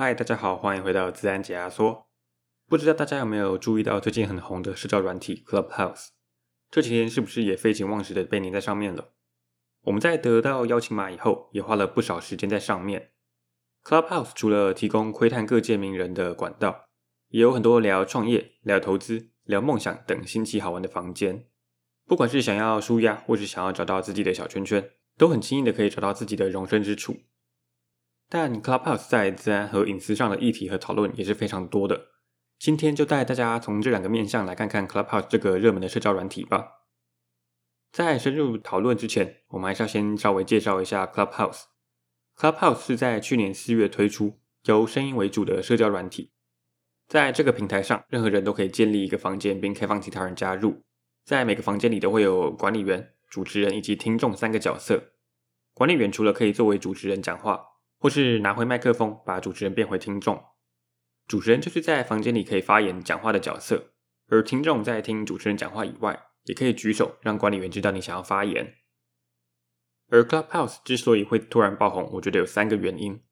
嗨，Hi, 大家好，歡迎回到資安解壓縮。不知道大家有沒有注意到最近很紅的社交軟體 Clubhouse？這幾天是不是也廢寢忘食的被黏在上面了？我們在得到邀請碼以後，也花了不少時間在上面。Clubhouse 除了提供窺探各界名人的管道，也有很多聊創業、聊投資、聊夢想等新奇好玩的房間。不管是想要舒壓，或是想要找到自己的小圈圈，都很輕易的可以找到自己的容身之處。但 Clubhouse 在資安和隱私上的議題和討論也是非常多的。今天就帶大家從這兩個面向來看看 Clubhouse 這個熱門的社交軟體吧。在深入討論之前，我們還是要先稍微介紹一下 Clubhouse。Clubhouse 是在去年四月推出，由聲音為主的社交軟體。在這個平台上，任何人都可以建立一個房間並開放其他人加入。在每個房間裡都會有管理員、主持人以及聽眾三個角色。管理員除了可以作為主持人講話。或是拿回麥克風，把主持人變回聽眾。主持人就是在房間裡可以發言講話的角色，而聽眾在聽主持人講話以外，也可以舉手讓管理員知道你想要發言。而 Clubhouse 之所以會突然爆紅，我覺得有三個原因。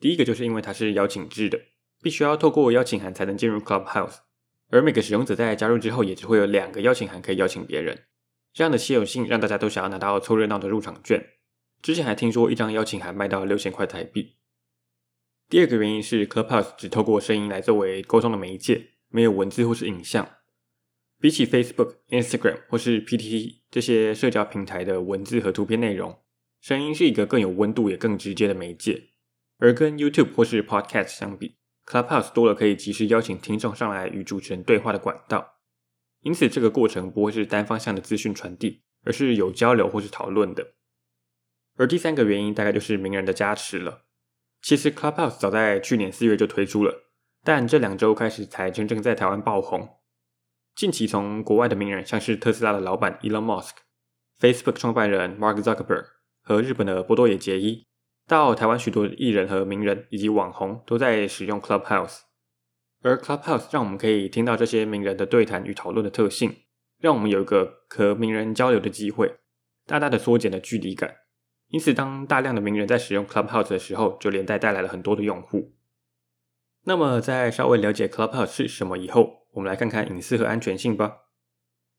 第一個就是因為它是邀請制的，必須要透過邀請函才能進入 Clubhouse，而每個使用者在加入之後，也只會有兩個邀請函可以邀請別人。這樣的稀有性讓大家都想要拿到湊熱鬧的入場券。之前還聽說一張邀請函賣到六千塊台幣。第二個原因是，Clubhouse 只透過聲音來作為溝通的媒介，沒有文字或是影像。比起 Facebook、Instagram 或是 PTT 這些社交平台的文字和圖片內容，聲音是一個更有溫度也更直接的媒介。而跟 YouTube 或是 Podcast 相比，Clubhouse 多了可以即時邀請聽眾上來與主持人對話的管道。因此，這個過程不會是單方向的資訊傳遞，而是有交流或是討論的。而第三個原因大概就是名人的加持了。其實 Clubhouse 早在去年四月就推出了，但這兩週開始才真正在台灣爆紅。近期從國外的名人，像是特斯拉的老闆 Elon Musk、Facebook 創辦人 Mark Zuckerberg 和日本的波多野結衣，到台灣許多藝人和名人以及網紅都在使用 Clubhouse。而 Clubhouse 讓我們可以聽到這些名人的對談與討論的特性，讓我們有一個和名人交流的機會，大大的縮減了距離感。因此，當大量的名人在使用 Clubhouse 的時候，就連帶帶來了很多的用戶。那麼，在稍微了解 Clubhouse 是什麼以後，我們來看看隱私和安全性吧。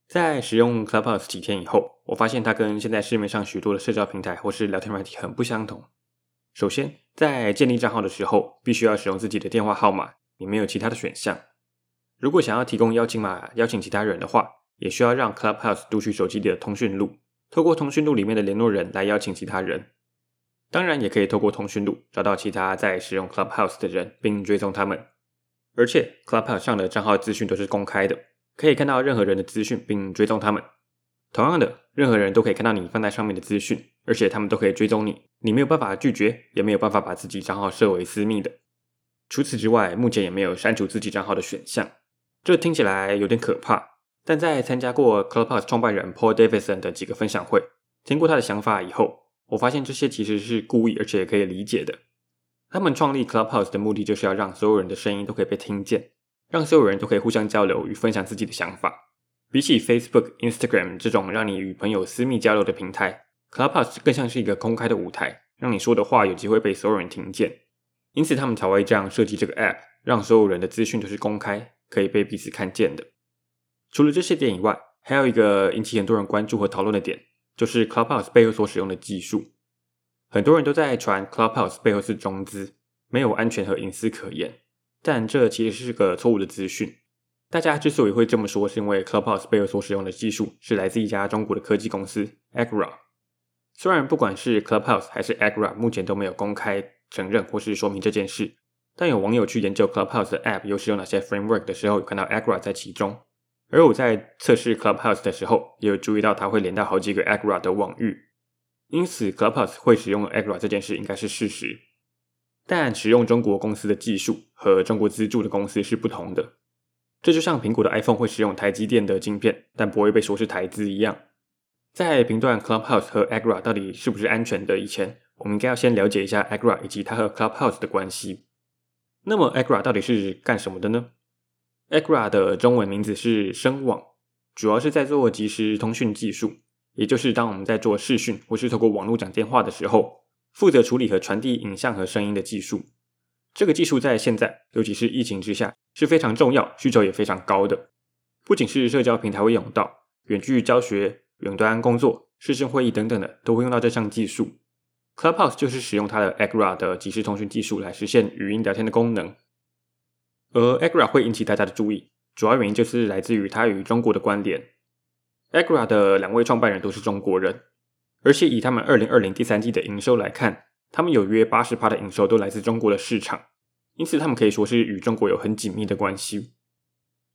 在使用 Clubhouse 幾天以後，我發現它跟現在市面上許多的社交平台或是聊天軟體很不相同。首先，在建立賬號的時候，必須要使用自己的電話號碼，也沒有其他的選項。如果想要提供邀請碼邀請其他人的話，也需要讓 Clubhouse 讀取手機裡的通訊錄。透過通訊錄裡面的聯絡人來邀請其他人，當然也可以透過通訊錄找到其他在使用 Clubhouse 的人，並追蹤他們。而且 Clubhouse 上的賬號資訊都是公開的，可以看到任何人的資訊並追蹤他們。同樣的，任何人都可以看到你放在上面的資訊，而且他們都可以追蹤你。你沒有辦法拒絕，也沒有辦法把自己賬號設為私密的。除此之外，目前也沒有刪除自己賬號的選項。這聽起來有點可怕。但在參加過 Clubhouse 創辦人 Paul Davidson 的幾個分享會，聽過他的想法以後，我發現這些其實是故意，而且也可以理解的。他們創立 Clubhouse 的目的就是要讓所有人的聲音都可以被聽見，讓所有人都可以互相交流與分享自己的想法。比起 Facebook、Instagram 這種讓你與朋友私密交流的平台，Clubhouse 更像是一個公開的舞台，讓你說的話有機會被所有人聽見。因此，他們才會這樣設計這個 app，讓所有人的資訊都是公開，可以被彼此看見的。除了這些點以外，還有一個引起很多人關注和討論的點，就是 Clubhouse 背後所使用的技術。很多人都在傳 Clubhouse 背後是中資，沒有安全和隱私可言，但這其實是個錯誤的資訊。大家之所以會這麼說，是因為 Clubhouse 背後所使用的技術是來自一家中國的科技公司 Agora。雖然不管是 Clubhouse 還是 Agora，目前都沒有公開承認或是說明這件事，但有網友去研究 Clubhouse 的 App 又使用哪些 framework 的時候，有看到 Agora 在其中。而我在測試 Clubhouse 的時候，也有注意到它會連到好幾個 Agora 的網域，因此 Clubhouse 會使用 Agora 這件事應該是事實。但使用中國公司的技術和中國資助的公司是不同的，這就像蘋果的 iPhone 會使用台積電的晶片，但不會被說是台資一樣。在評斷 Clubhouse 和 Agora 到底是不是安全的以前，我們應該要先了解一下 Agora 以及它和 Clubhouse 的關係。那麼 Agora 到底是幹什麼的呢？Agora 的中文名字是聲網，主要是在做即時通訊技術，也就是當我們在做視訊或是透過網絡講電話的時候，負責處理和傳遞影像和聲音的技術。這個技術在現在，尤其是疫情之下，是非常重要，需求也非常高的。不僅是社交平台會用到，遠距教學、雲端工作、視訊會議等等的都會用到這項技術。Clubhouse 就是使用它的 Agora 的即時通訊技術來實現語音聊天的功能。而 Agora 會引起大家的注意，主要原因就是來自於它與中國的關聯。Agora 的兩位創辦人都是中國人，而且以他們二零二零第三季的營收來看，他們有約八十趴的營收都來自中國的市場，因此他們可以說是與中國有很緊密的關係。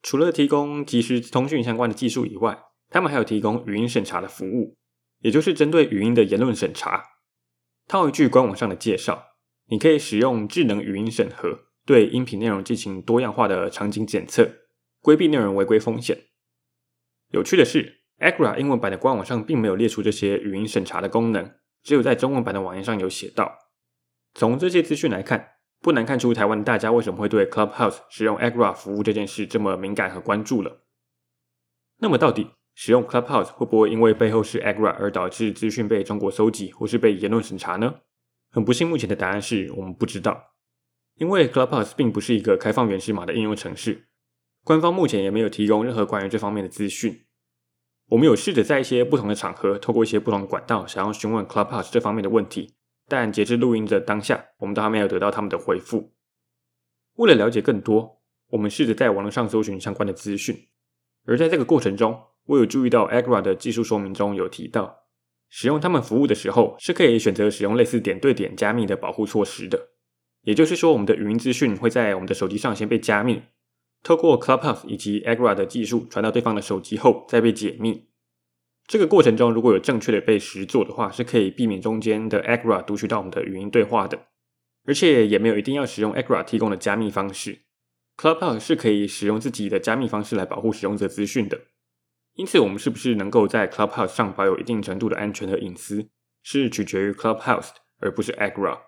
除了提供即時通訊相關的技術以外，他們還有提供語音審查的服務，也就是針對語音的言論審查。套一句官網上的介紹，你可以使用智能語音審核。對音頻內容進行多樣化的場景檢測，規避內容違規風險。有趣的是，Agora 英文版的官網上並沒有列出這些語音審查的功能，只有在中文版的網頁上有寫到。從這些資訊來看，不難看出台灣大家為什麼會對 Clubhouse 使用 Agora 服務這件事這麼敏感和關注了。那麼，到底使用 Clubhouse 會不會因為背後是 Agora 而導致資訊被中國蒐集或是被言論審查呢？很不幸，目前的答案是我們不知道。因為 Clubhouse 並不是一個開放原始碼的應用程式，官方目前也沒有提供任何關於這方面的資訊。我們有試着在一些不同的場合，透過一些不同的管道，想要詢問 Clubhouse 這方面的問題，但截至錄音的當下，我們都還沒有得到他們的回復。為了了解更多，我們試着在網絡上搜尋相關的資訊，而在這個過程中，我有注意到 Agora 的技術說明中有提到，使用他們服務的時候，是可以選擇使用類似點對點加密的保護措施的。也就是說，我們的語音資訊會在我們的手機上先被加密，透過 Clubhouse 以及 Agora 的技術傳到對方的手機後再被解密。這個過程中，如果有正確的被實作的話，是可以避免中間的 Agora 讀取到我們的語音對話的。而且也沒有一定要使用 Agora 提供的加密方式，Clubhouse 是可以使用自己的加密方式來保護使用者資訊的。因此，我們是不是能夠在 Clubhouse 上保有一定程度的安全和隱私，是取決於 Clubhouse 而不是 Agora。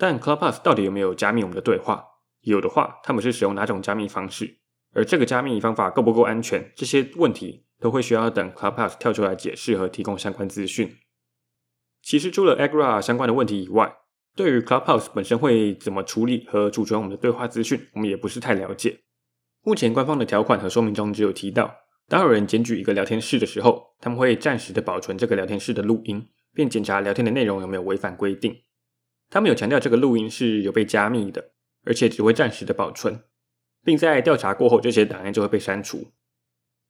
但 Clubhouse 到底有沒有加密我們的對話？有的話，他們是使用哪種加密方式？而這個加密方法夠不夠安全？這些問題都會需要等 Clubhouse 跳出來解釋和提供相關資訊。其實，除了 Agora 相關的問題以外，對於 Clubhouse 本身會怎麼處理和儲存我們的對話資訊，我們也不是太了解。目前官方的條款和說明中只有提到，當有人檢舉一個聊天室的時候，他們會暫時的保存這個聊天室的錄音，並檢查聊天的內容有沒有違反規定。他們有強調這個錄音是有被加密的，而且只會暫時的保存，並在調查過後這些檔案就會被刪除。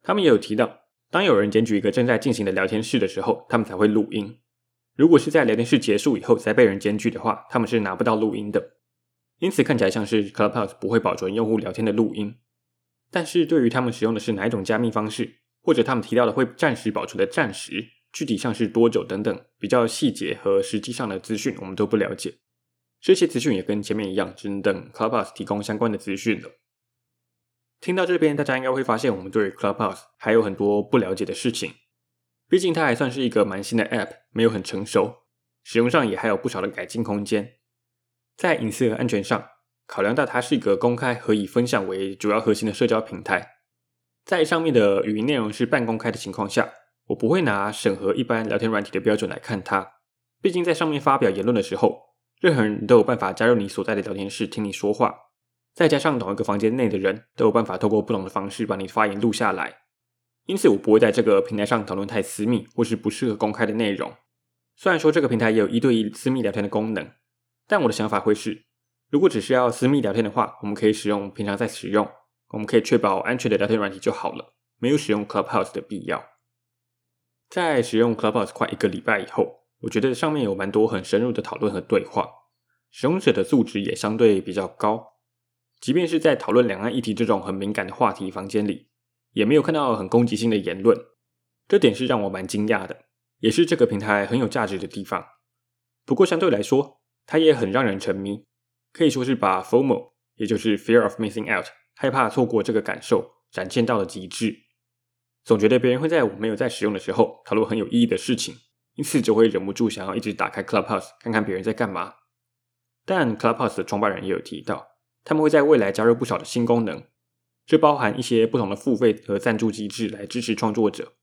他們也有提到，當有人檢舉一個正在進行的聊天室的時候，他們才會錄音。如果是在聊天室結束以後才被人檢舉的話，他們是拿不到錄音的。因此看起來像是 Clubhouse 不會保存用戶聊天的錄音。但是對於他們使用的是哪一種加密方式，或者他們提到的會暫時保存的暫時。具體像是多久等等，比較細節和實際上的資訊我們都不了解。這些資訊也跟前面一樣，只能等 Clubhouse 提供相關的資訊了。聽到這邊，大家應該會發現我們對 Clubhouse 還有很多不了解的事情。畢竟它還算是一個蠻新的 App，沒有很成熟，使用上也還有不少的改進空間。在隱私和安全上，考量到它是一個公開和以分享為主要核心的社交平台，在上面的語音內容是半公開的情況下。我不會拿審核一般聊天軟體的標準來看它，畢竟在上面發表言論的時候，任何人都有辦法加入你所在的聊天室聽你說話，再加上同一個房間內的人都有辦法透過不同的方式把你發言錄下來，因此我不會在這個平台上討論太私密或是不適合公開的內容。雖然說這個平台也有一對一私密聊天的功能，但我的想法會是，如果只是要私密聊天的話，我們可以使用平常在使用、我們可以確保安全的聊天軟體就好了，沒有使用 Clubhouse 的必要。在使用 Clubhouse 快一個禮拜以後，我覺得上面有蠻多很深入的討論和對話，使用者的素質也相對比較高。即便是在討論兩岸議題這種很敏感的話題房間裡，也沒有看到很攻擊性的言論，這點是讓我蠻驚訝的，也是這個平台很有價值的地方。不過相對來說，它也很讓人沉迷，可以說是把 FOMO，也就是 Fear of Missing Out，害怕錯過這個感受，展現到了極致。總覺得別人會在我沒有在使用的時候，討論很有意義的事情，因此就會忍不住想要一直打開 Clubhouse 看看別人在幹嘛。但 Clubhouse 的創辦人也有提到，他們會在未來加入不少的新功能，這包含一些不同的付費和贊助機制來支持創作者。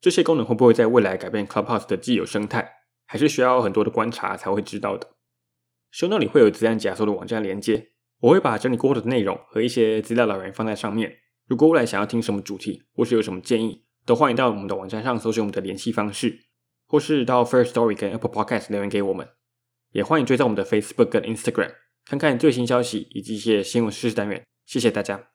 這些功能會不會在未來改變 Clubhouse 的既有生態，還是需要很多的觀察才會知道的。收納裡會有自然解說的網站連接，我會把整理過後的內容和一些資料來源放在上面。如果未來想要聽什麼主題，或是有什麼建議，都歡迎到我們的網站上搜尋我們的聯繫方式，或是到 Firstory 跟 Apple Podcast 留言給我們。也歡迎追蹤我們的 Facebook 跟 Instagram，看看最新消息以及一些新聞事實單元。謝謝大家。